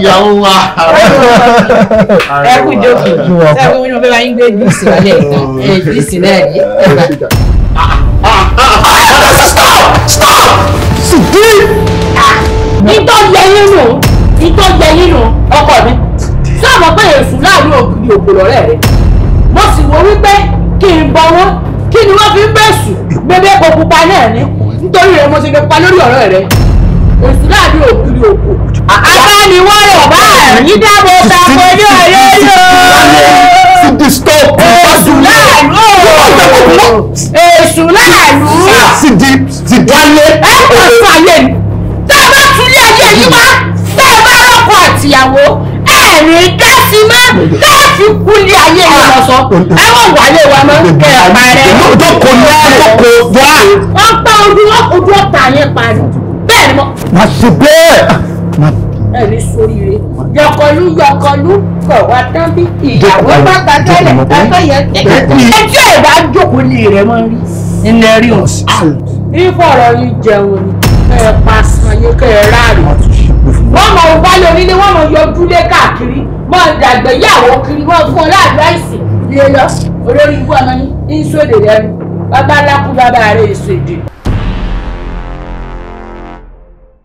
ìyàwó wa. ẹ kú jókòó sẹ́gun mi ni mo fẹ́ bá yín gbé bíìsì wálé ẹ̀ bíìsì náà rí. stop stop sùdí. ìtọ́ jẹ yín nù ìtọ́ jẹ yín nù ọkọ mi sáàmù pé èsù láàrin ògiri ògbòrò rẹ rẹ mo sì wọ wípé kí n bọ kí ni wọn fi ń bẹ̀sù bébé kò pupa náà ní nítorí rẹ mo ti lè pa lórí ọ̀rọ̀ rẹ èsì láàbí ògiri òkò. abániwọ̀rọ̀ bá ẹ̀yìn dábò ta pẹ̀lú ọ̀rẹ́ yóò. to disturb èsù láàlú ẹ kò sọ ayé tá a bá tún lé ayé yìí wá tá a bá rọ́pò àtìyàwó ẹ̀rín dá sí mọ́ láti kú ayé yìí lọ sọ ẹ wọ́n wà lé wa mọ́ kẹ ọ̀pá rẹ. ìlú ìjókòó ní àkókò wá. wọ́n pa ojú ọ̀tá yẹn parí má ṣe bẹ́ẹ̀. ẹni sóríire yọkọlú yọkọlú kọ wá tán bí ìyàwó bá ta tẹ́lẹ̀ látọ̀ yẹn kékeré ẹjọ́ ẹ̀ bá jókòó ní rẹ̀ mọ́ rí ilẹ̀ rí wọn. ìfọ̀rọ̀ yìí jẹun ni ẹ pa sanye kẹ ẹ ráàlú wọ́n mọ̀ wá lórí ni wọ́n mọ̀ yọjúlé káàkiri mọ̀ dàgbẹ́yàwó kiri wọ́n fún ọ láàbẹ̀ àìsàn lé lọ olórí ibú àmọ́ ní sóde lẹ́nu bàbá lákú bàbá rẹ̀ èso èdè.